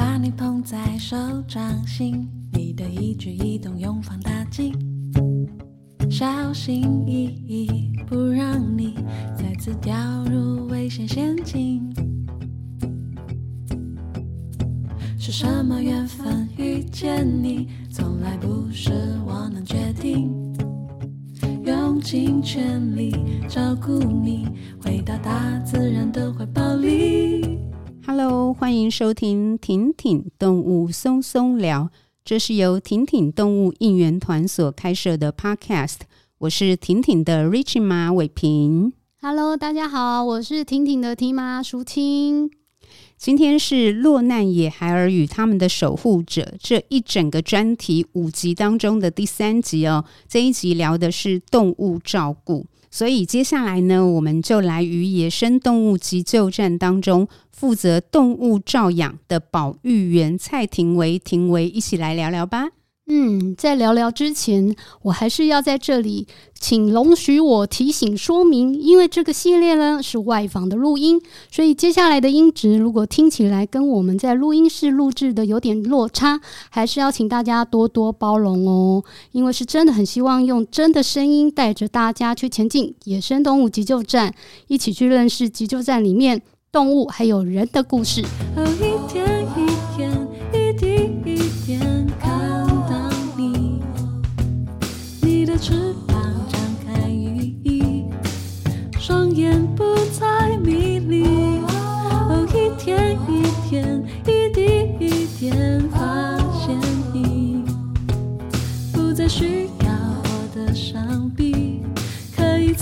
把你捧在手掌心，你的一舉一動用放大鏡，小心翼翼，不讓你再次掉入危險陷阱。是什麼緣分遇見你，從來不是我能決定，用盡全力照顧你，回到大自然的懷抱裡。Hello，歡迎收聽《挺挺動物鬆鬆聊》，這是由挺挺動物應援團所開設的 Podcast。我是挺挺的 Rich 馬偉平。Hello，大家好，我是挺挺的挺媽淑清。今天是《落難野孩兒與牠們的守護者》這一整個專題五集當中的第三集哦。這一集聊的是動物照顧。所以接下來呢，我們就來與野生動物急救站當中負責動物照養的保育員蔡婷維、婷維一起來聊聊吧。嗯，在聊聊之前，我還是要在這裡請容許我提醒說明，因為這個系列呢是外訪的錄音，所以接下來的音質如果聽起來跟我們在錄音室錄制的有點落差，還是要請大家多多包容哦。因為是真的很希望用真的聲音帶着大家去前進野生動物急救站，一起去認識急救站裡面動物還有人的故事。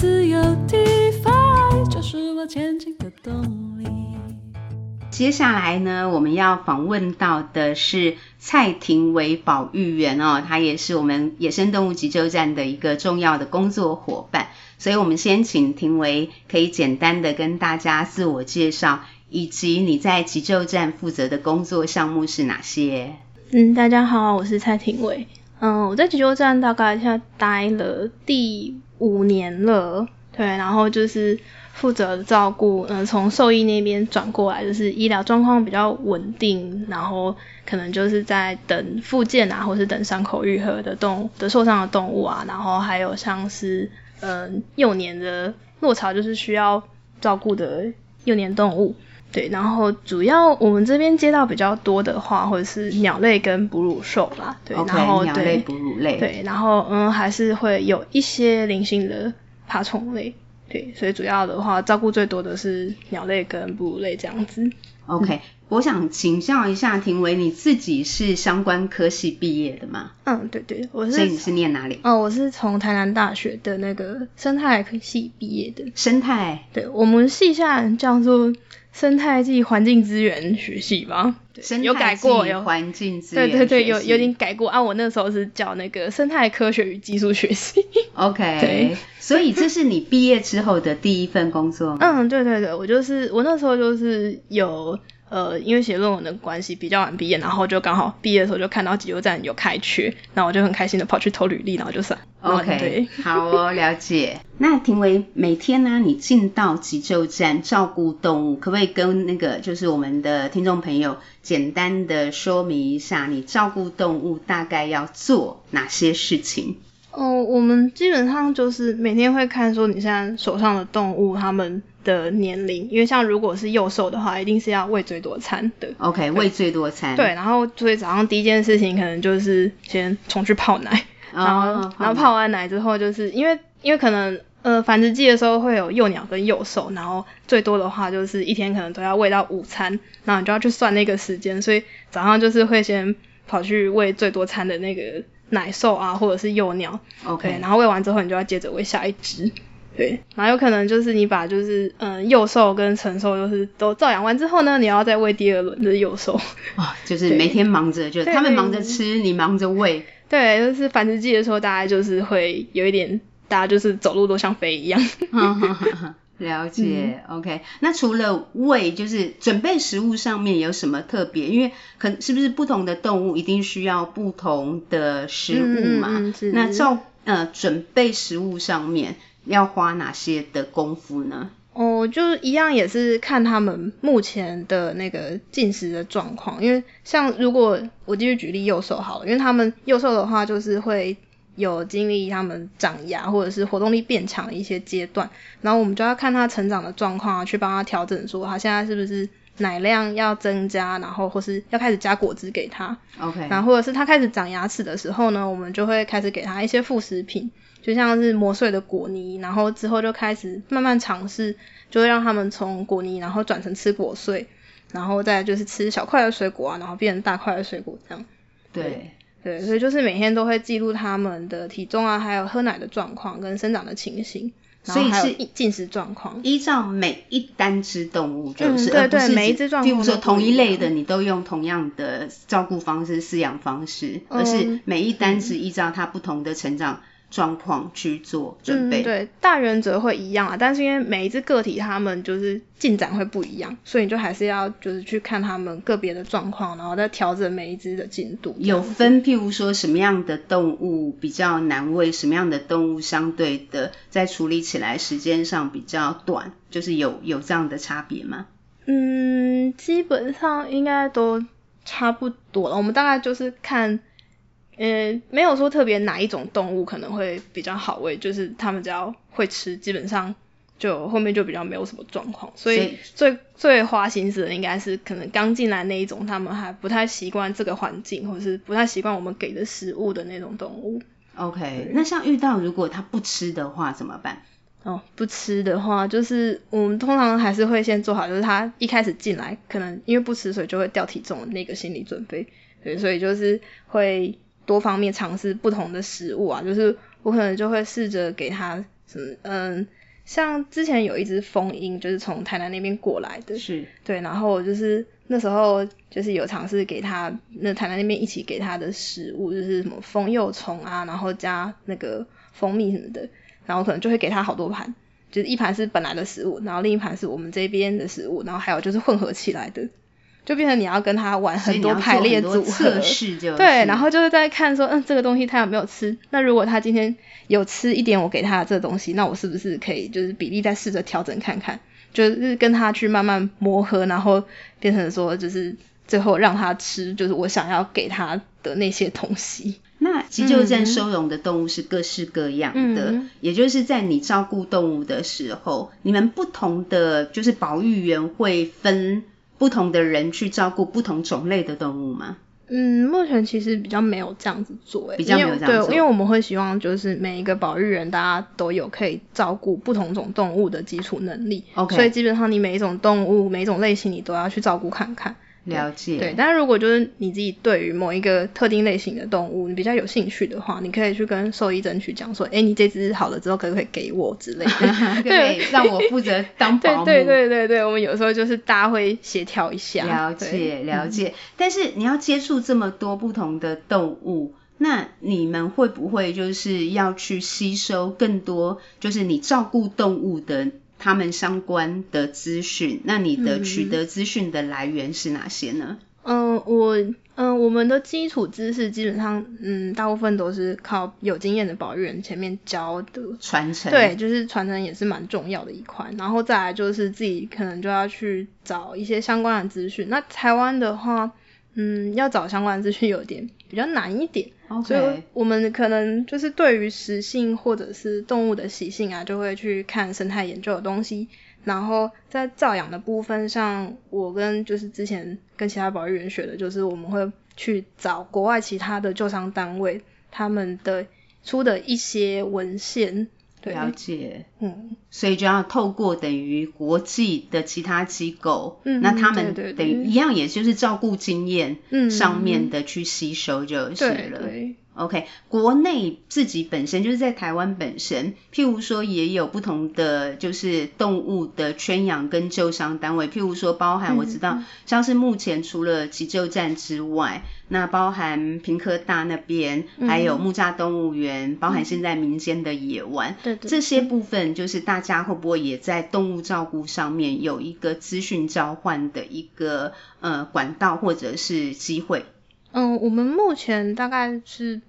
自由地飛就是我前進的動力。接下來呢，我們要訪問到的是蔡婷維保育員喔，他也是我們野生動物急救站的一個重要的工作夥伴。所以，我們先請婷維可以簡單的跟大家自我介紹，以及你在急救站負責的工作項目是哪些？嗯，大家好，我是蔡婷維。嗯，我在急救站大概現在待了第。五年了，對，然後就是負責照顧，嗯、呃，從獸醫那邊轉過來，就是醫療狀況比較穩定，然後可能就是在等復健啊，或是等傷口癒合的動的受傷的動物啊，然後還有像是嗯、呃、幼年的落巢，就是需要照顧的幼年動物。對，然後主要我們這邊接到比較多的話，或者是鳥類跟哺乳獸啦，對，okay, 然後鳥類哺乳類，對，然後嗯還是會有一些零星的爬蟲類，對，所以主要的話照顧最多的是鳥類跟哺乳類這樣子。OK，嗯、我想請教一下婷維，停你自己是相關科系畢業的嗎？嗯，對對，我是。所以你是念哪裡？哦，我是從台南大學的那個生態科系畢業的。生態，對我們系下叫做。生態系環境資源學系嗎？對，生系吧，有改過，有環境資源，對對對，有有點改過啊。我那時候是叫那個生態科學與技術學系。 OK，對，所以這是你畢業之後的第一份工作？ 嗯，對對對，我就是我那時候就是有。呃，因為寫論文的關係比較晚畢業，然後就剛好畢業的時候就看到急救站有開缺，然後我就很開心的跑去投履歷，然後就算。OK、嗯、好哦，了解。 那婷維，每天呢、啊、你進到急救站照顧動物，可不可以跟那個就是我們的聽眾朋友簡單的說明一下，你照顧動物大概要做哪些事情？哦、oh,，我們基本上就是每天會看說你現在手上的動物它們的年齡，因為像如果是幼獸的話，一定是要餵最多餐的。OK，對餵最多餐。對，然後所以早上第一件事情可能就是先衝去泡奶，oh, 然後、oh, 然後泡完奶之後，就是因為因為可能呃繁殖季的時候會有幼鳥跟幼獸，然後最多的話就是一天可能都要餵到午餐，然後你就要去算那個時間，所以早上就是會先跑去餵最多餐的那個。奶獸啊，或者是幼鳥，OK，然後餵完之後，你就要接着餵下一隻，對，然後有可能就是你把就是嗯幼獸跟成獸就是都照養完之後呢，你要再餵第二輪的幼獸啊，就是每天忙着，就是他們忙着吃，你忙着餵，對，就是繁殖季的時候，大家就是會有一點，大家就是走路都像飛一樣。呵呵呵 了解，嗯，OK。那除了餵，就是準備食物上面有什麼特別？因為可是不是不同的動物一定需要不同的食物嘛？嗯嗯嗯是是。那照呃準備食物上面要花哪些的功夫呢？哦，就一樣也是看他們目前的那個進食的狀況，因為像如果我繼續舉例幼獸好了，因為他們幼獸的話就是會。有經歷他們長牙或者是活動力變強的一些階段，然後我們就要看他成長的狀況啊，去幫他調整，說他現在是不是奶量要增加，然後或是要開始加果汁給他。OK。然後或者是他開始長牙齒的時候呢，我們就會開始給他一些副食品，就像是磨碎的果泥，然後之後就開始慢慢嘗試，就會讓他們從果泥然後轉成吃果碎，然後再就是吃小塊的水果啊，然後變成大塊的水果這樣。對。對，所以就是每天都會記錄它們的體重啊，還有喝奶的狀況跟生長的情形，所以是進食狀況，依照每一單只動物就是，是、嗯對對，而不是每一只，譬如說同一類的，你都用同樣的照顧方式、飼養方式，嗯、而是每一單只依照它不同的成長。嗯嗯狀況去做準備，嗯、對大原則會一樣啊，但是因為每一只個體他們就是進展會不一樣，所以你就還是要就是去看他們個別的狀況，然後再調整每一只的進度。有分，譬如說什麼樣的動物比較難餵，什麼樣的動物相對的在處理起來時間上比較短，就是有有這樣的差別嗎？嗯，基本上應該都差不多了。我們大概就是看。呃，沒有說特別哪一種動物可能會比較好餵，就是他們只要會吃，基本上就後面就比較沒有什麼狀況。所以，所以最最花心思的應該是可能剛進來那一種，他們還不太習慣這個環境，或者是不太習慣我們給的食物的那種動物。OK，那像遇到如果它不吃的話怎麼辦？哦，不吃的話，就是我們通常還是會先做好，就是它一開始進來，可能因為不吃所以就會掉體重的那個心理準備。對，所以就是會。多方面嘗試不同的食物啊，就是我可能就會試着給它什麼，嗯，像之前有一隻蜂鷹，就是從台南那邊過來的，是對，然後就是那時候就是有嘗試給它，那台南那邊一起給它的食物，就是什麼蜂幼蟲啊，然後加那個蜂蜜什麼的，然後我可能就會給它好多盤，就是一盤是本來的食物，然後另一盤是我們這邊的食物，然後還有就是混合起來的。就變成你要跟他玩很多排列組合，很多測試，就，對，然後就是在看說，嗯，這個東西他有沒有吃？那如果他今天有吃一點我給他的這東西，那我是不是可以就是比例再試着調整看看？就是跟他去慢慢磨合，然後變成說，就是最後讓他吃，就是我想要給他的那些東西。那急救站收容的動物是各式各樣的，嗯，也就是在你照顧動物的時候，你們不同的就是保育員會分。不同的人去照顧不同種類的動物嗎？嗯，目前其實比較沒有這樣子做，比較有這樣子，對，因為我們會希望就是每一個保育員，大家都有可以照顧不同種動物的基礎能力。OK，所以基本上你每一種動物、每一種類型，你都要去照顧看看。了解。對，但是如果就是你自己對於某一個特定類型的動物，你比較有興趣的話，你可以去跟獸醫爭取講說，哎、欸，你這隻好了之後，可不可以給我之類的， 對，讓我負責當保姆？ 對對對對，我們有時候就是大家會協調一下。了解了解，但是你要接觸這麼多不同的動物，那你們會不會就是要去吸收更多，就是你照顧動物的？他們相關的資訊，那你的取得資訊的來源是哪些呢？嗯，呃、我嗯、呃，我們的基礎知識基本上，嗯，大部分都是靠有經驗的保育員前面教的傳承，對，就是傳承也是蠻重要的一塊。然後再來就是自己可能就要去找一些相關的資訊。那台灣的話，嗯，要找相關的資訊有點比較難一點。Okay. 所以，我們可能就是對於食性或者是動物的習性啊，就會去看生態研究的東西。然後在照養的部分，像我跟就是之前跟其他保育員學的，就是我們會去找國外其他的救傷單位他們的出的一些文獻。了解，嗯，所以就要透過等於國際的其他機構，嗯，那他們等於對對對一樣，也就是照顧經驗上面的去吸收就行了。對對 OK，國內自己本身就是在台灣本身，譬如說也有不同的就是動物的圈養跟救傷單位，譬如說包含我知道、嗯、像是目前除了急救站之外，嗯、那包含屏科大那邊、嗯，還有木柵動物園，包含現在民間的野玩、嗯，這些部分就是大家會不會也在動物照顧上面有一個資訊交換的一個呃管道或者是機會？嗯，我們目前大概是。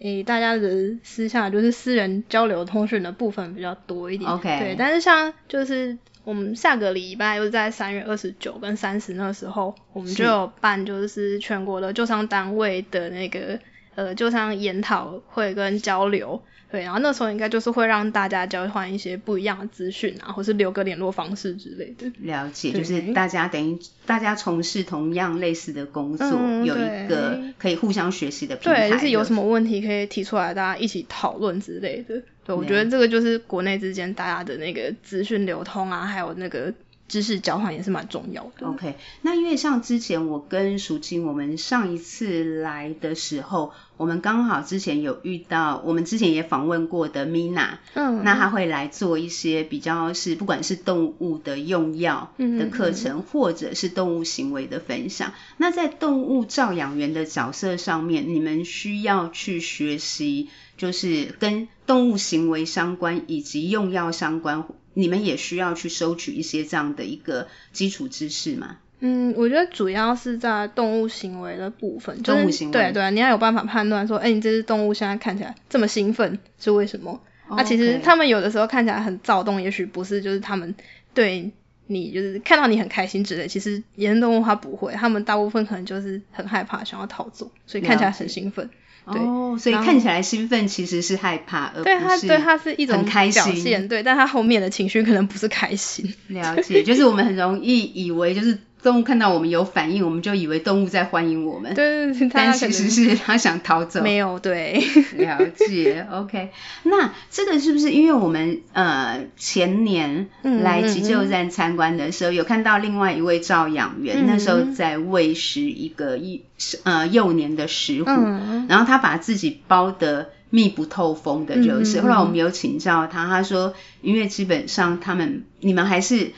誒、欸，大家的私下就是私人交流通訊的部分比較多一點，Okay. 對。但是像就是我們下個禮拜又在三月二十九跟三十那時候，我們就有辦就是全國的救傷單位的那個。呃，就像研討會跟交流，對，然後那時候應該就是會讓大家交換一些不一樣的資訊啊，或是留個聯絡方式之類的。了解，就是大家等於大家從事同樣類似的工作，嗯，有一個可以互相學習的平台。對，就是有什麼問題可以提出來，大家一起討論之類的。對，對，我覺得這個就是國內之間大家的那個資訊流通啊，還有那個。知識交換也是蠻重要的。OK，那因為像之前我跟淑清，我們上一次來的時候，我們剛好之前有遇到，我們之前也訪問過的 Mina，嗯，那她會來做一些比較是不管是動物的用藥的課程，嗯嗯，或者是動物行為的分享。那在動物照養員的角色上面，你們需要去學習。就是跟動物行為相關，以及用藥相關，你們也需要去收取一些這樣的一個基礎知識嗎？嗯，我覺得主要是在動物行為的部分，就是、動物行為對對，你要有辦法判斷說，哎、欸，你這隻動物現在看起來這麼興奮，是為什麼？那、okay. 啊、其實他們有的時候看起來很躁動，也許不是，就是他們對你就是看到你很開心之類，其實野生動物它不會，他們大部分可能就是很害怕，想要逃走，所以看起來很興奮。對哦，所以看起來興奮其實是害怕，嗯、而不是很開心。對，它對，它是一種表現，對，但他後面的情緒可能不是開心。了解。 就是我們很容易以為就是。動物看到我們有反應，我們就以為動物在歡迎我們。對，但其實是它想逃走。沒有，對。 了解，OK 那。那這個是不是因為我們呃前年來急救站參觀的時候嗯嗯嗯，有看到另外一位照養員嗯嗯，那時候在餵食一個一呃幼年的石虎嗯嗯，然後他把自己包得密不透風的就是嗯嗯嗯後來我們有請教他，他說因為基本上他們你們還是。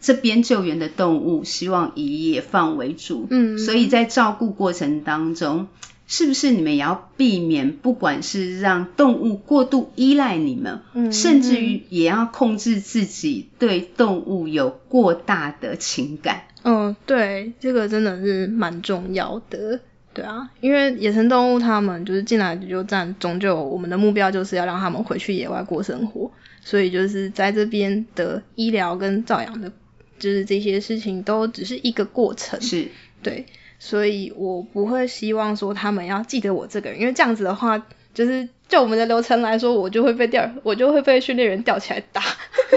這邊救援的動物，希望以野放為主，嗯，所以在照顧過程當中，是不是你們也要避免，不管是讓動物過度依賴你們，甚至於也要控制自己對動物有過大的情感。嗯，對，這個真的是蠻重要的，對啊，因為野生動物它們就是進來就站，終究我們的目標就是要讓他們回去野外過生活，所以就是在這邊的醫療跟照養的。就是這些事情都只是一個過程，是對，所以我不會希望說他們要記得我這個人，因為這樣子的話，就是就我們的流程來說，我就會被吊，我就會被訓練員吊起來打，是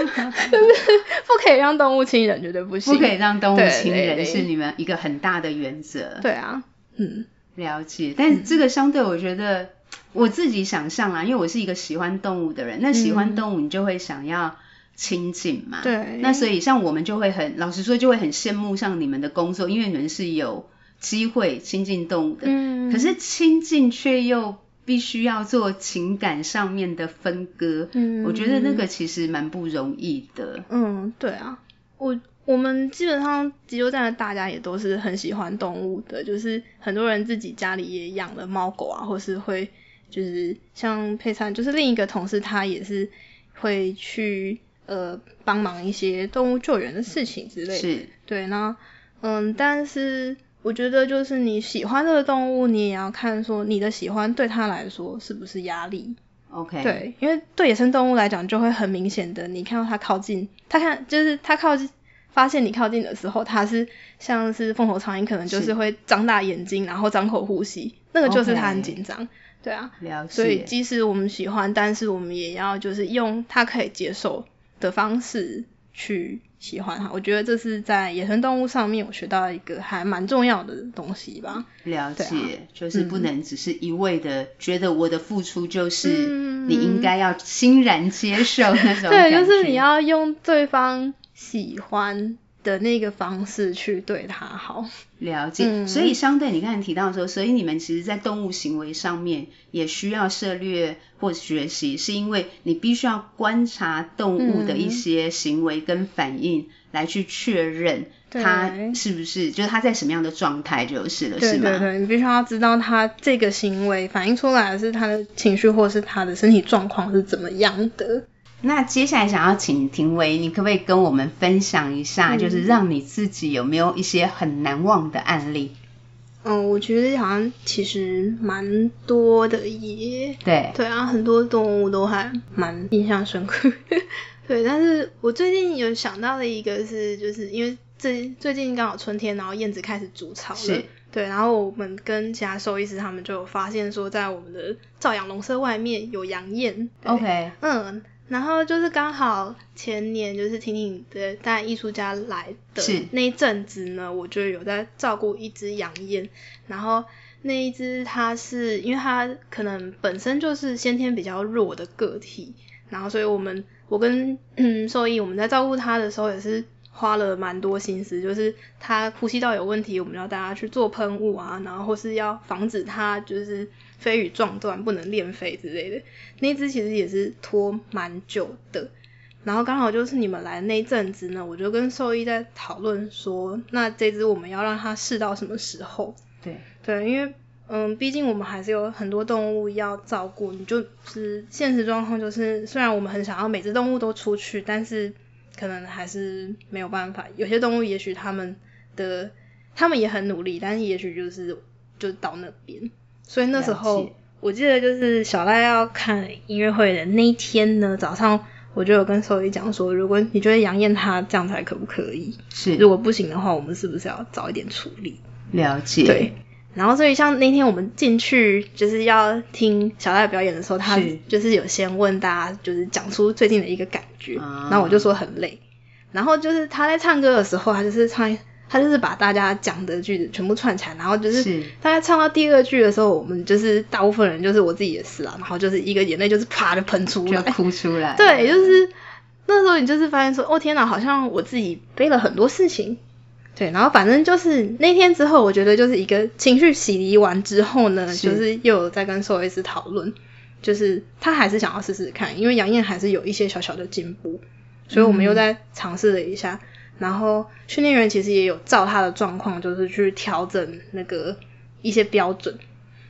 不可以讓動物親人，絕對不行，不可以讓動物親人是你們一個很大的原則，對，對，對，對啊，嗯，了解。但是這個相對我覺得我自己想象啊，嗯，因為我是一個喜歡動物的人，那喜歡動物你就會想要。親近嘛，對，那所以像我們就會很老實說，就會很羨慕像你們的工作，因為你們是有機會親近動物的。嗯，可是親近卻又必須要做情感上面的分割。嗯，我覺得那個其實蠻不容易的。嗯，對啊，我我們基本上急救站的大家也都是很喜歡動物的，就是很多人自己家裡也養了貓狗啊，或是會就是像配餐，就是另一個同事他也是會去。呃，幫忙一些動物救援的事情之類的，是，對那嗯，但是我覺得就是你喜歡這個動物，你也要看說你的喜歡對他來說是不是壓力。OK，對，因為對野生動物來講，就會很明顯的，你看到它靠近，它看就是它靠近，發現你靠近的時候，它是像是鳳頭蒼鷹，可能就是會張大眼睛，然後張口呼吸，那個就是它很緊張，okay. 對啊，了解，所以即使我們喜歡，但是我們也要就是用它可以接受。的方式去喜歡他，我覺得這是在野生動物上面我學到一個還蠻重要的東西吧。了解，啊、就是不能只是一味的覺得我的付出就是你應該要欣然接受那種、嗯嗯。對，就是你要用對方喜歡。的那個方式去對他好，了解。所以相對你剛才提到說、嗯，所以你們其實在動物行為上面也需要涉獵或學習，是因為你必須要觀察動物的一些行為跟反應，來去確認它、嗯、是不是，就是它在什麼樣的狀態就是了，對對對，是吧？對，你必須要知道它這個行為反映出來的是它的情緒，或是它的身體狀況是怎麼樣的。那接下來想要請婷維，你可不可以跟我們分享一下、嗯，就是讓你自己有沒有一些很難忘的案例？嗯、哦，我覺得好像其實蠻多的耶。對對啊，很多動物都還蠻印象深刻。 對，但是我最近有想到的一個是，就是因為最最近剛好春天，然後燕子開始築巢了是。對，然後我們跟其他獸醫師他們就有發現說，在我們的照養籠舍外面有洋燕。OK，嗯。然後就是剛好前年，就是挺挺的帶藝術家來的那一陣子呢，我就有在照顧一隻羊燕。然後那一隻，它是因為它可能本身就是先天比較弱的個體，然後所以我們我跟獸醫、嗯、我們在照顧它的時候也是花了蠻多心思，就是它呼吸道有問題，我們要帶它去做噴霧啊，然後或是要防止它就是。飛羽撞斷不能練飛之類的，那只其實也是拖蠻久的。然後剛好就是你們來的那陣子呢，我就跟獸醫在討論說，那這只我們要讓它試到什麼時候？對對，因為嗯，畢竟我們還是有很多動物要照顧。你就是現實狀況就是，雖然我們很想要每只動物都出去，但是可能還是沒有辦法。有些動物也許他們的他們也很努力，但是也許就是就到那邊。所以那時候，我記得就是小賴要看音樂會的那一天呢，早上我就有跟獸醫講說，如果你覺得楊燕她這樣才可不可以，是如果不行的話，我們是不是要早一點處理？了解。對。然後所以像那天我們進去就是要聽小賴表演的時候，他就是有先問大家就是講出最近的一個感覺，然後我就說很累。然後就是他在唱歌的時候，他就是唱。他就是把大家講的句子全部串起來，然後就是大家唱到第二句的時候，我們就是大部分人就是我自己也是啊，然後就是一個眼淚就是啪的噴出來，就哭出來。對，就是那時候你就是發現說，哦、喔、天哪，好像我自己背了很多事情。對，然後反正就是那天之後，我覺得就是一個情緒洗滌完之後呢，就是又有在跟獸醫師討論，就是他還是想要試試看，因為楊燕還是有一些小小的進步，所以我們又在嘗試了一下。嗯然後訓練員其實也有照他的狀況，就是去調整那個一些標準，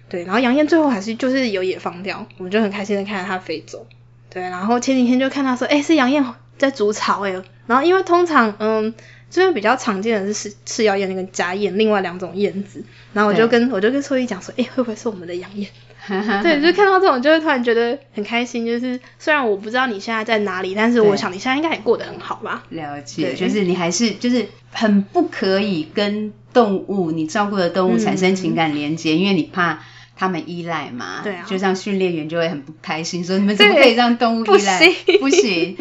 對。然後洋燕最後還是就是有野放掉，我們就很開心的看著它飛走，對。然後前幾天就看他說，哎、欸，是洋燕在築巢、欸，誒然後因為通常，嗯，這邊比較常見的是是洋燕跟家燕另外兩種燕子，然後我就跟我就跟獸醫講說，哎、欸，會不會是我們的洋燕？ 對，就看到這種，就會突然覺得很開心，就是雖然我不知道你現在在哪裡，但是我想你現在應該也過得很好吧。了解，就是你還是就是很不可以跟動物，你照顧的動物產生情感連接、嗯，因為你怕他們依賴嘛。對、啊。就像訓練員就會很不開心，說你們怎麼可以讓動物依賴？不行。 不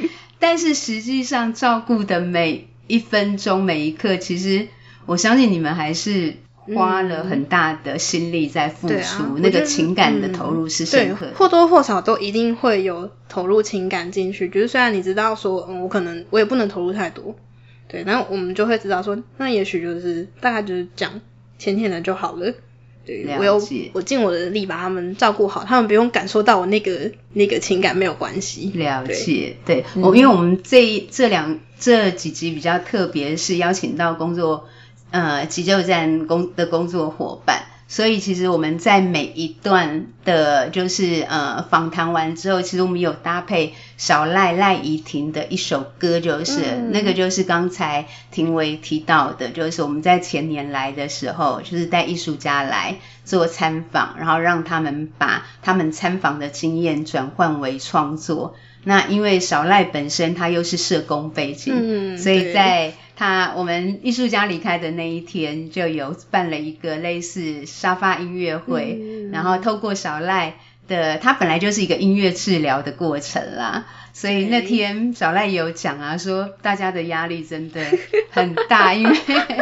行。但是實際上，照顧的每一分鐘每一刻，其實我相信你們還是。花了很大的心力在付出，嗯啊、那個情感的投入是深刻、嗯，或多或少都一定會有投入情感進去。就是雖然你知道說，嗯，我可能我也不能投入太多，對，然後我們就會知道說，那也許就是大概就是講淺淺的就好了。對，了解。我有我盡我的力把他們照顧好，他們不用感受到我那個那個情感沒有關係。了解，對我、嗯哦、因為我們這一這兩這幾集比較特別，是邀請到工作。呃，急救站工的工作夥伴，所以其實我們在每一段的，就是呃，訪談完之後，其實我們有搭配小賴賴儀婷的一首歌，就是、嗯、那個就是剛才婷維提到的，就是我們在前年來的時候，就是帶藝術家來做參訪，然後讓他們把他們參訪的經驗轉換為創作。那因為小賴本身他又是社工背景，嗯、所以在對他我們藝術家離開的那一天，就有辦了一個類似沙發音樂會，嗯，然後透過小賴的，他本來就是一個音樂治療的過程啦，所以那天小賴有講啊，說大家的壓力真的很大， 因為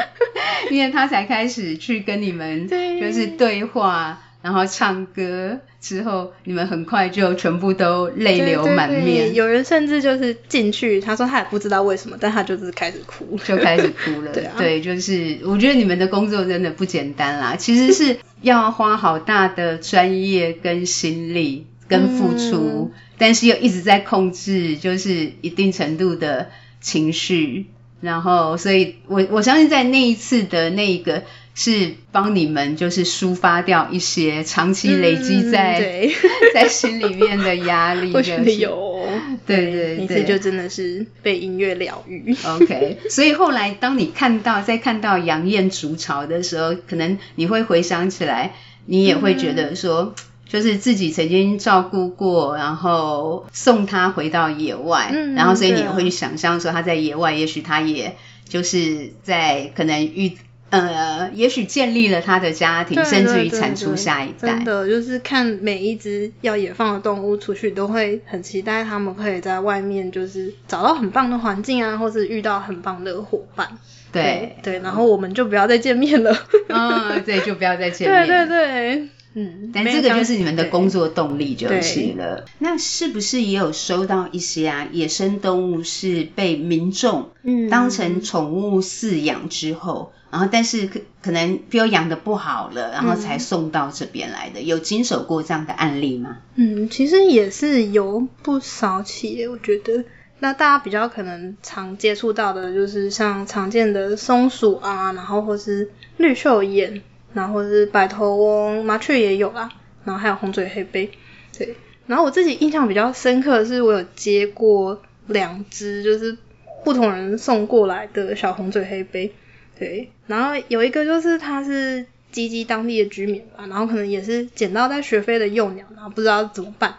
因為他才開始去跟你們就是對話。然後唱歌之後，你們很快就全部都淚流滿面。對對對，有人甚至就是進去，他說他也不知道為什麼，但他就是開始哭了，就開始哭了。 對啊，對，就是我覺得你們的工作真的不簡單啦，其實是要花好大的專業跟心力跟付出， 嗯、但是又一直在控制，就是一定程度的情緒。然後，所以我我相信在那一次的那一個。是幫你們，就是抒發掉一些長期累積在、嗯、 在心裡面的壓力、就是。真有、哦，對對對，對，這就真的是被音樂療癒。OK，所以後來當你看到在看到楊燕築巢的時候，可能你會回想起來，你也會覺得說、嗯，就是自己曾經照顧過，然後送他回到野外，嗯，然後所以你也會去想象說他在野外，嗯哦、也許他也就是在可能遇。呃，也許建立了他的家庭，對對對對，甚至於產出下一代對對對。真的，就是看每一隻要野放的動物出去，都會很期待他們可以在外面，就是找到很棒的環境啊，或是遇到很棒的伙伴。對對，對，然後我們就不要再見面了。啊、嗯， 對，就不要再見面了。對對對，嗯，但這個就是你們的工作動力就是了。那是不是也有收到一些、啊、野生動物是被民眾嗯當成寵物飼養之後，嗯然後，但是可可能飼養的不好了，然後才送到這邊來的。嗯，有經手過這樣的案例嗎？嗯，其實也是有不少企業，我覺得那大家比較可能常接觸到的就是像常見的松鼠啊，然後或是綠繡眼，然後是白頭翁、麻雀也有啦，然後還有紅嘴黑鵯，對。然後我自己印象比較深刻的是，我有接過兩隻，就是不同人送過來的小紅嘴黑鵯。對，然後有一個就是他是集集當地的居民吧，然後可能也是撿到在學飛的幼鳥，然後不知道怎麼辦，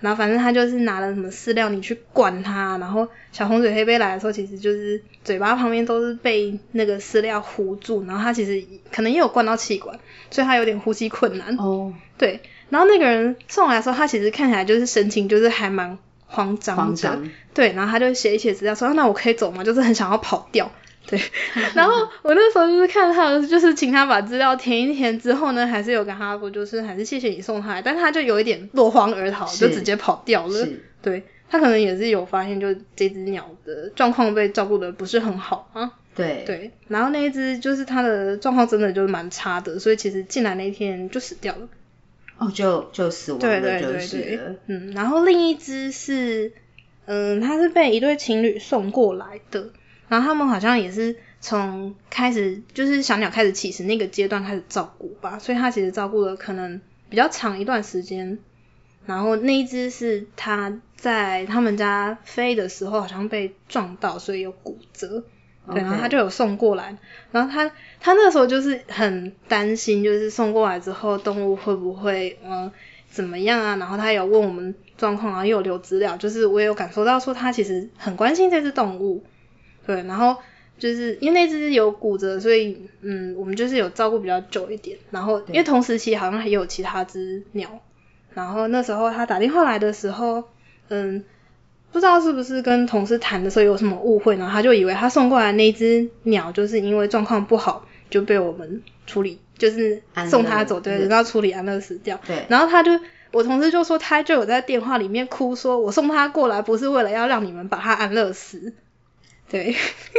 然後反正他就是拿了什麼飼料你去灌它，然後小紅嘴黑鵯來的時候，其實就是嘴巴旁邊都是被那個飼料糊住，然後它其實可能也有灌到氣管，所以它有點呼吸困難。哦、oh.，對，然後那個人送來的時候，他其實看起來就是神情就是還蠻慌張的。對，然後他就寫一寫資料說、啊，那我可以走嗎？就是很想要跑掉。對，然後我那時候就是看他的，就是請他把資料填一填之後呢，還是有跟他說，就是還是謝謝你送他來，但他就有一點落荒而逃，就直接跑掉了是。對，他可能也是有發現，就這隻鳥的狀況被照顧得不是很好啊。對。對，然後那一只就是它的狀況真的就蠻差的，所以其實進來那天就死掉了。哦，就就死亡了，就是，對對對對，嗯，然後另一只是，嗯，它是被一對情侶送過來的。然後他們好像也是從開始就是小鳥開始起始那個階段開始照顧吧，所以他其實照顧了可能比較長一段時間。然後那一只是他在他們家飛的時候好像被撞到，所以有骨折。對，Okay. 然後他就有送過來。然後他他那時候就是很擔心，就是送過來之後動物會不會嗯怎麼樣啊？然後他有問我們狀況啊，然後又有留資料，就是我也有感受到說他其實很關心這只動物。對，然後就是因為那只有骨折，所以嗯，我們就是有照顧比較久一點。然後因為同時期好像還有其他只鳥。然後那時候他打電話來的時候，嗯，不知道是不是跟同事談的時候有什麼誤會，然後他就以為他送過來那只鳥就是因為狀況不好就被我們處理，就是送他走，對，然後處理安樂死掉。對。然後他就，我同事就說他就有在電話裡面哭說，說我送他過來不是為了要讓你們把他安樂死。對，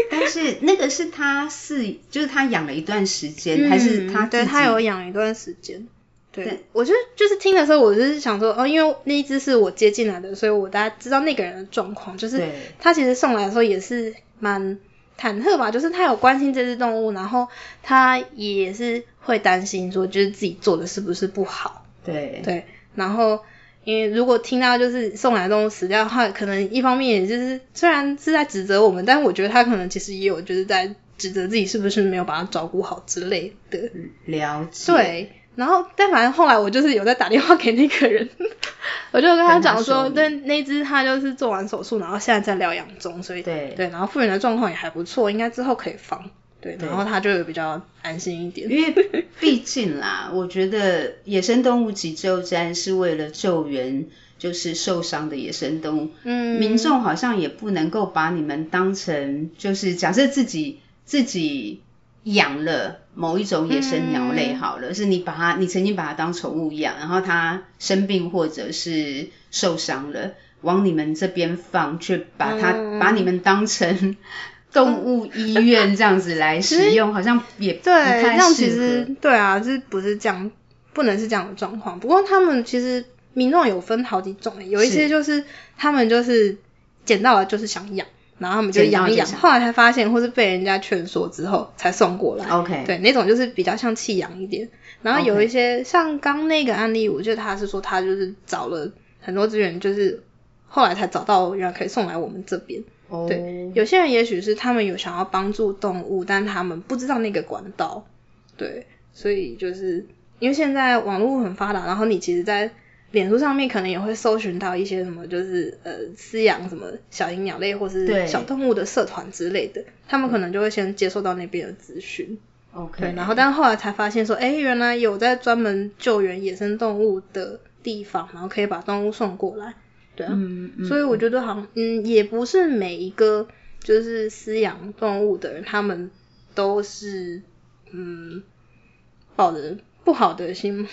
但是那個是他是， 就是他養了一段時間、嗯，還是他自己？對，他有養一段時間。對，我就就是聽的時候，我就是想說，哦，因為那一只是我接進來的，所以我大概知道那個人的狀況，就是他其實送來的時候也是蠻忐忑吧，就是他有關心這只動物，然後他也是會擔心說，就是自己做的是不是不好？對對，然後。因為如果聽到就是送來的動物死掉的話，可能一方面也就是雖然是在指責我們，但是我覺得他可能其實也有就是在指責自己是不是沒有把他照顧好之類的。了解。對，然後但反正後來我就是有在打電話給那個人， 我就跟他講說，說那那隻他就是做完手術，然後現在在療養中，所以對對，然後復原的狀況也還不錯，應該之後可以放。對，對，然後他就比較安心一點。 因為畢竟啦，我覺得野生動物急救站是為了救援，就是受傷的野生動物。嗯。民眾好像也不能夠把你們當成，就是假設自己自己養了某一種野生鳥類，好了，嗯，是你把它，你曾經把它當寵物養，然後它生病或者是受傷了，往你們這邊放，卻把它，嗯、把你們當成。動物醫院這樣子來使用， 好像也對，好像其實對啊，就是不是這樣，不能是這樣的狀況。不過他們其實民眾有分好幾種，有一些就是他們就是撿到了就是想養，然後他們就養一養，後來才發現或是被人家勸說之後才送過來。OK，對，那種就是比較像棄養一點。然後有一些、okay. 像剛那個案例，我覺得他是說他就是找了很多資源，就是後來才找到原來可以送來我們這邊。Oh. 對，有些人也許是他們有想要幫助動物，但他們不知道那個管道。對，所以就是因為現在網絡很發達，然後你其實，在臉書上面可能也會搜尋到一些什麼，就是呃，飼養什麼小型鳥類或是小動物的社團之類的，他們可能就會先接受到那邊的資訊。OK，對，然後但後來才發現說，哎，原來有在專門救援野生動物的地方，然後可以把動物送過來。啊、嗯，嗯，所以我覺得好像，嗯，也不是每一個就是飼養動物的人，他們都是嗯抱著不好的心。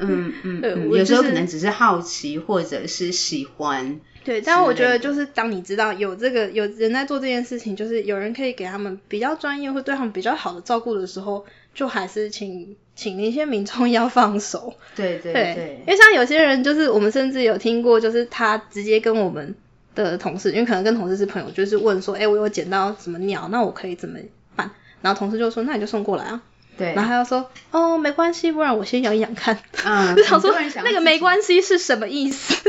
嗯 對嗯，我、就是，有時候可能只是好奇或者是喜歡。對，但我覺得就是當你知道有這個有人在做這件事情，就是有人可以給他們比較專業或對他們比較好的照顧的時候。就還是請請那些民眾要放手，對，對對對，因為像有些人就是我們甚至有聽過，就是他直接跟我們的同事，因為可能跟同事是朋友，就是問說，哎、欸，我有撿到什麼鳥，那我可以怎麼辦？然後同事就說，那你就送過來啊。對，然後他又說，哦，沒關係，不然我先養一養看。嗯， 就想說、嗯、 然想那個沒關係是什麼意思？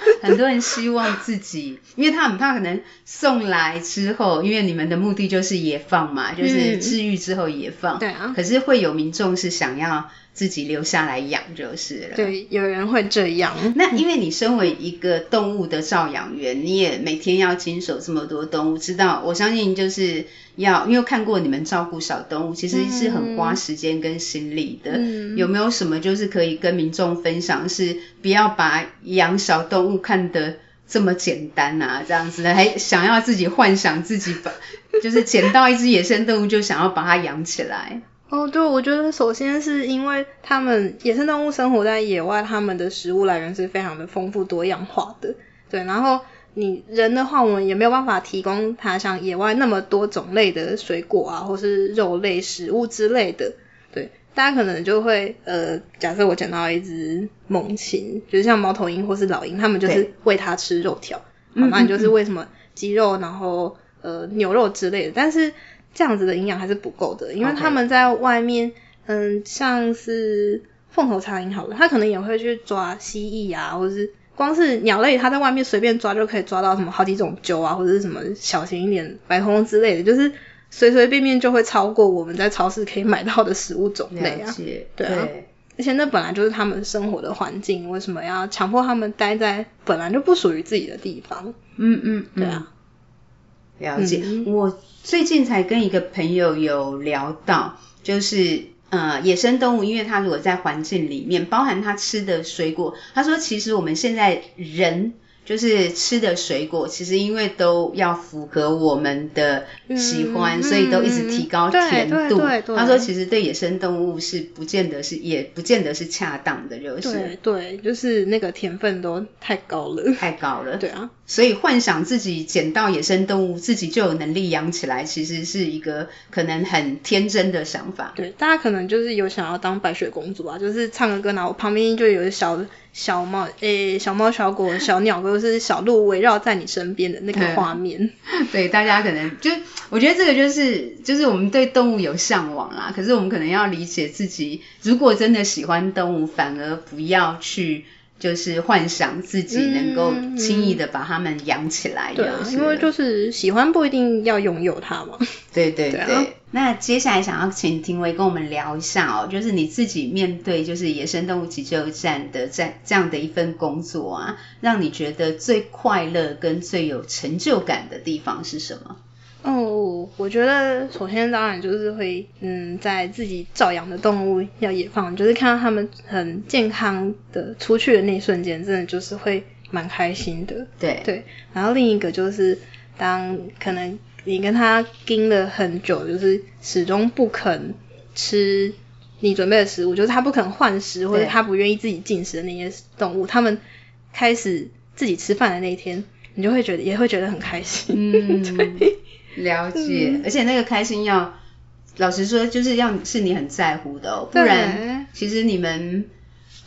很多人希望自己，因為他很怕可能送來之後，因為你們的目的就是野放嘛，就是治癒之後野放。對、嗯、啊。可是會有民眾是想要自己留下來養，就是了。對，有人會這樣。那因為你身為一個動物的照養員、嗯，你也每天要經手這麼多動物，知道？我相信就是要因為看過你們照顧小動物，其實是很花時間跟心力的、嗯嗯。有沒有什麼就是可以跟民眾分享？是不要把養小動物。看得這麼簡單啊，這樣子的還想要自己幻想自己把， 就是撿到一隻野生動物就想要把它養起來。 哦，對，我覺得首先是因為它們野生動物生活在野外，它們的食物來源是非常的豐富多樣化的。對，然後你人的話，我們也沒有辦法提供它像野外那麼多種類的水果啊，或是肉類食物之類的。對。大家可能就會呃，假設我撿到一隻猛禽，就是像貓頭鷹或是老鷹，他們就是餵它吃肉條，反正，嗯嗯嗯，就是餵什麼雞肉，然後呃牛肉之類的。但是這樣子的營養還是不夠的，因為他們在外面，嗯、okay. 呃，像是鳳頭蒼鷹好了，它可能也會去抓蜥蜴啊，或者是光是鳥類，它在外面隨便抓就可以抓到什麼好幾種鳩啊，或者是什麼小型一點白蟲之類的，就是。隨隨便便就會超過我們在超市可以買到的食物種類啊，對啊，對，而且那本來就是他們生活的環境，為什麼要強迫他們待在本來就不屬於自己的地方？嗯嗯，嗯，對啊，了解。嗯。我最近才跟一個朋友有聊到，就是呃，野生動物，因為它如果在環境裡面，包含它吃的水果，他說其實我們現在人。就是吃的水果，其實因為都要符合我們的喜歡，嗯、所以都一直提高甜度。嗯、他說，其實對野生動物是不見得是，也不見得是恰當的，就是對，對，就是那個甜分都太高了，太高了， 對啊。所以幻想自己撿到野生動物，自己就有能力養起來，其實是一個可能很天真的想法。對，大家可能就是有想要當白雪公主啊，就是唱個歌，然後旁邊就有小小貓、小貓、欸、小貓、小狗、小鳥或者是小鹿圍繞在你身邊的那個畫面、嗯。對，大家可能就我覺得這個就是就是我們對動物有嚮往啦、啊，可是我們可能要理解自己，如果真的喜歡動物，反而不要去。就是幻想自己能夠輕易的把它們養起來、嗯嗯，對、啊，因為就是喜歡不一定要擁有它嘛。 對對對，對、啊。那接下來想要請婷維跟我們聊一下哦，就是你自己面對就是野生動物急救站的這這樣的一份工作啊，讓你覺得最快樂跟最有成就感的地方是什麼？哦，我覺得首先當然就是會，嗯，在自己照養的動物要野放，就是看到他們很健康的出去的那一瞬間，真的就是會蠻開心的。對對。然後另一個就是，當可能你跟它盯了很久，就是始終不肯吃你準備的食物，就是它不肯換食或者它不願意自己進食的那些動物，它們開始自己吃飯的那一天，你就會覺得也會覺得很開心。嗯 對了解、嗯，而且那個開心要老實說，就是要是你很在乎的哦，不然其實你們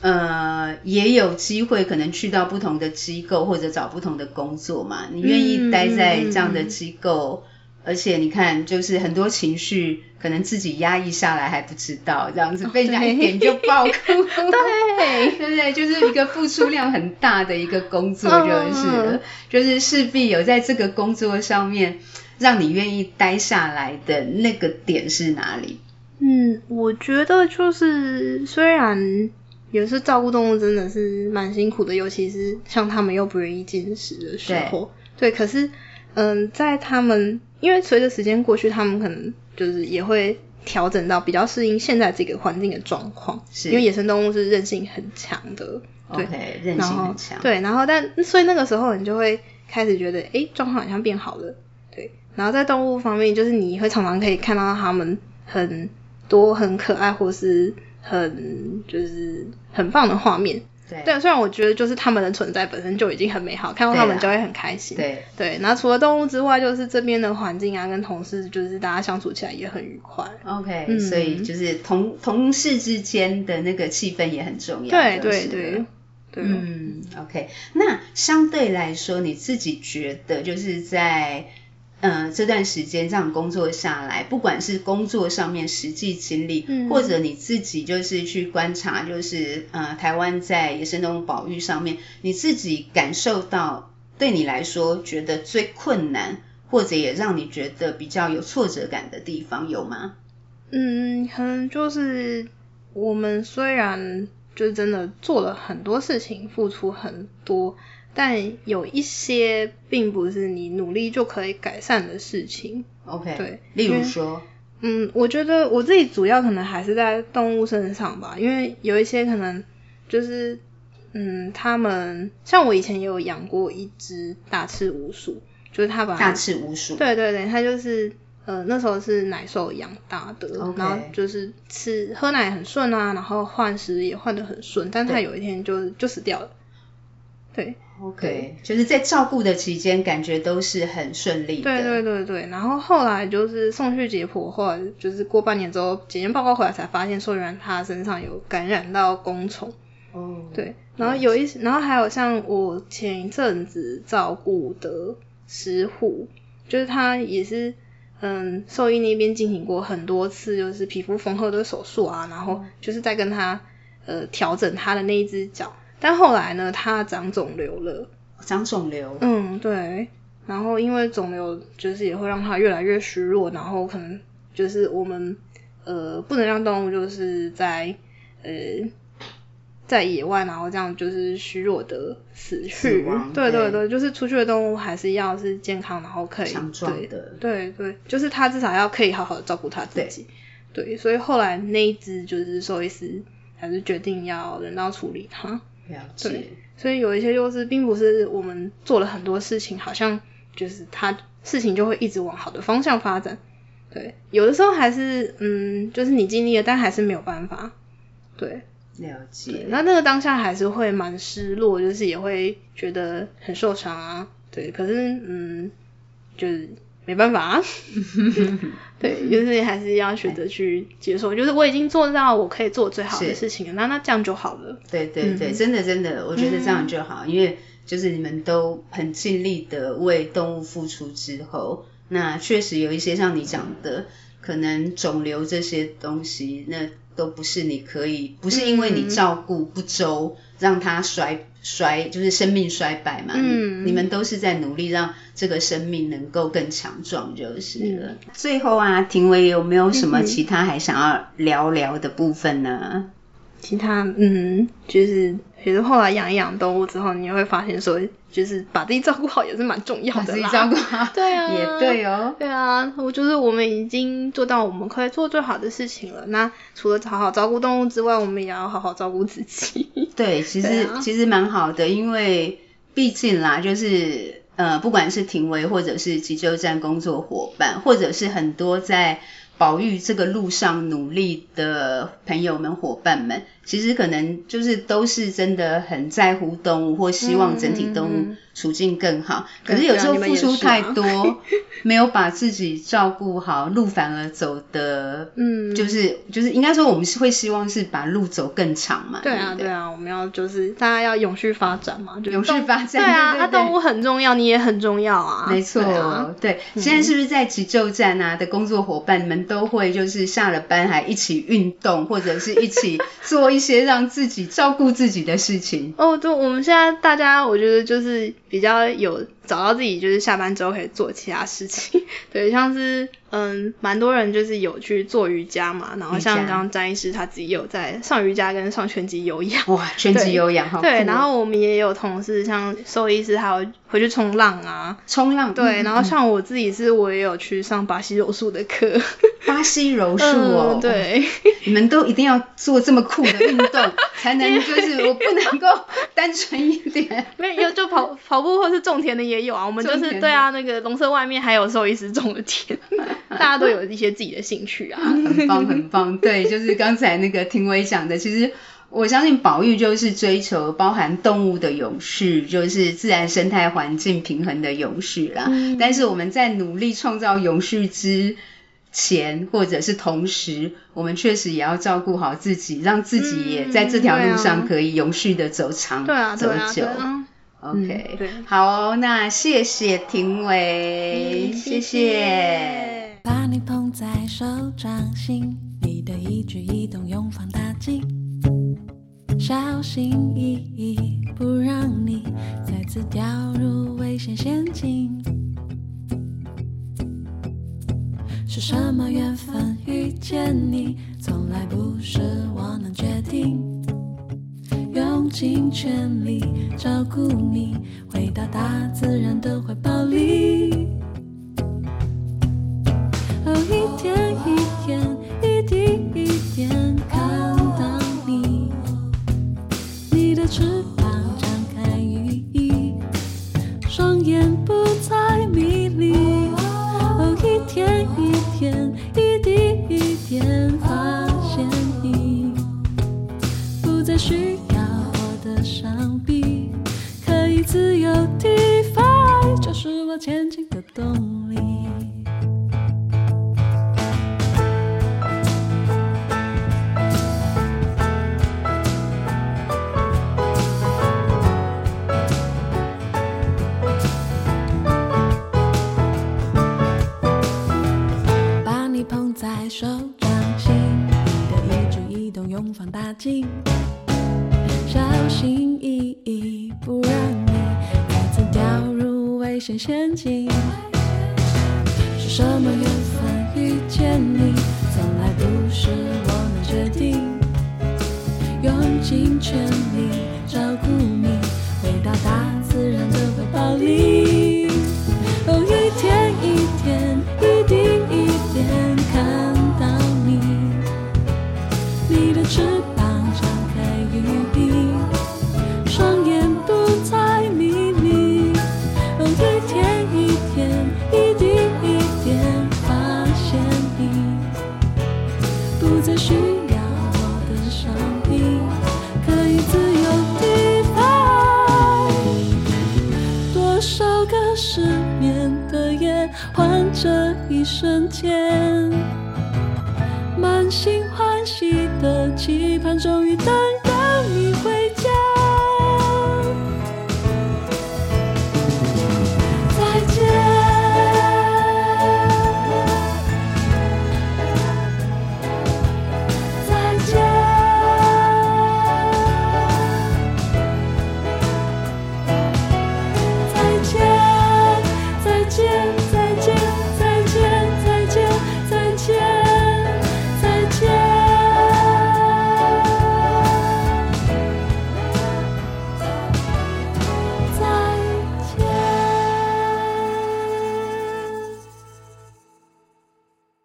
呃也有機會可能去到不同的機構或者找不同的工作嘛。你願意待在這樣的機構，嗯、而且你看，就是很多情緒可能自己壓抑下來還不知道，這樣子被講一點就爆哭，對 對，對不對？就是一個付出量很大的一個工作，就是 就是勢必有在這個工作上面。讓你願意待下來的那個點是哪裡？嗯，我覺得就是雖然也是照顧動物真的是蠻辛苦的，尤其是像他們又不願意進食的時候，對。對可是，嗯，在他們因為隨着時間過去，他們可能就是也會調整到比較適應現在這個環境的狀況。是，因為野生動物是韌性很強的，對，okay, 韌性很強。對，然後但所以那個時候你就會開始覺得，哎，狀況好像變好了。然後在動物方面，就是你會常常可以看到他們很多很可愛或是很就是很棒的畫面。對，對，雖然我覺得就是他們的存在本身就已經很美好，看到他們就會很開心。對，對，對。然後除了動物之外，就是這邊的環境啊，跟同事就是大家相處起來也很愉快。OK，嗯，所以就是同同事之間的那個氣氛也很重要。對，對，對，對。嗯，OK，那相對來說，你自己覺得就是在。嗯、呃，這段時間這樣工作下來，不管是工作上面實際經歷，嗯、或者你自己就是去觀察，就是呃，台灣在野生動物保育上面，你自己感受到對你來說覺得最困難，或者也讓你覺得比較有挫折感的地方有嗎？嗯，可能就是我們雖然就真的做了很多事情，付出很多，但有一些並不是你努力就可以改善的事情，OK，對，例如說，嗯，我覺得我自己主要可能還是在動物身上吧，因為有一些可能就是，嗯，他們像我以前也有養過一只大赤鼯鼠，就是它把大赤鼯鼠，對對對，它就是呃那時候是奶獸養大的，okay. 然後就是吃喝奶很順啊，然後換食也換得很順，但它有一天就就死掉了。對，OK，就是在照顧的期間，感覺都是很順利的。對對對對，然後後來就是送去解剖，後來就是過半年之後，檢驗報告回來才發現說，原來他身上有感染到弓蟲。哦。對，然後有一，嗯、然後還有像我前一陣子照顧的石虎，就是他也是，嗯，獸醫那邊進行過很多次，就是皮膚縫合的手術啊，然後就是在跟他、嗯、呃調整他的那一隻腳。但後來呢，它長腫瘤了，長腫瘤，嗯，對。然後因為腫瘤就是也會讓它越來越虛弱，然後可能就是我們呃不能讓動物就是在呃在野外，然後這樣就是虛弱的死去。死對對對,對，就是出去的動物還是要是健康，然後可以強壯的，對對,對，就是它至少要可以好好的照顧它自己對。對，所以後來那一只就是獸醫師還是決定要人道處理它。了解。對，所以有一些就是，並不是我們做了很多事情，好像就是他事情就會一直往好的方向發展。對，有的時候還是嗯，就是你盡力了，但還是沒有辦法。對，了解。那那個當下還是會蠻失落，就是也會覺得很受傷啊。對，可是嗯，就是。沒辦法， 對，就是還是要選擇去接受。就是我已經做到我可以做最好的事情了，那那這樣就好了。對對對、嗯，真的真的，我覺得這樣就好，嗯、因為就是你們都很盡力的為動物付出之後，那確實有一些像你講的、嗯，可能腫瘤這些東西，那都不是你可以，不是因為你照顧不周。嗯嗯讓它衰衰，就是生命衰敗嘛。嗯你，你們都是在努力讓這個生命能夠更強壯，就是了、嗯。最後啊，婷維有沒有什麼其他還想要聊聊的部分呢？嗯嗯其他嗯，就是其實後來養一養動物之後，你也會發現說，就是把自己照顧好也是蠻重要的，把自己照顧好。對啊，也對哦。對啊，我覺得我們已經做到我們可以做最好的事情了。那除了好好照顧動物之外，我們也要好好照顧自己。對，其實、啊、其實蠻好的，因為畢竟啦，就是呃，不管是婷維或者是急救站工作夥伴，或者是很多在。保育這個路上努力的朋友們、伙伴們，其實可能就是都是真的很在乎動物，或希望整體動物。處境更好，可是有時候付出太多，沒有把自己照顧好，路反而走得， 嗯，就是就是應該說，我們是會希望是把路走更長嘛。對啊，對啊，我們要就是大家要永續發展嘛，就永續發展。對啊，那動物很重要，你也很重要啊。沒錯，對啊，對。現在是不是在急救站啊的工作夥伴們都會就是下了班還一起運動， 或者是一起做一些讓自己照顧自己的事情。哦，對，我們現在大家我覺得就是。比較有找到自己，就是下班之後可以做其他事情， 對，像是嗯，蠻多人就是有去做瑜伽嘛，然後像剛剛詹醫師他自己有在上瑜伽跟上拳擊有氧，哇，拳擊有氧哈，對，然後我們也有同事像獸醫師，他有回去衝浪啊，衝浪，對，然後像我自己是，我也有去上巴西柔術的課，嗯嗯、 巴西柔術哦，嗯、對，你們都一定要做這麼酷的運動， 才能就是我不能夠單純一點。 跑步或是種田的也有啊，我們就是對啊，那個農舍外面還有獸醫師種的田， 大家都有一些自己的興趣啊， 很棒很棒。對，就是剛才那個婷維講的， 其實我相信保育就是追求包含動物的永續，就是自然生態環境平衡的永續啦。嗯、但是我們在努力創造永續之前，或者是同時，我們確實也要照顧好自己，讓自己也在這條路上可以永續的走長、嗯、走久。ok、嗯、對好那謝謝婷維、嗯、謝謝,、嗯、謝,謝把你捧在手掌心你的一舉一動用放大鏡小心翼翼不讓你再次掉入危險陷阱是什麼緣分遇見你從來不是我能決定用盡全力照顧你，回到大自然的懷抱裡。哦，一天一天，一滴一點，看到你，你的翅膀。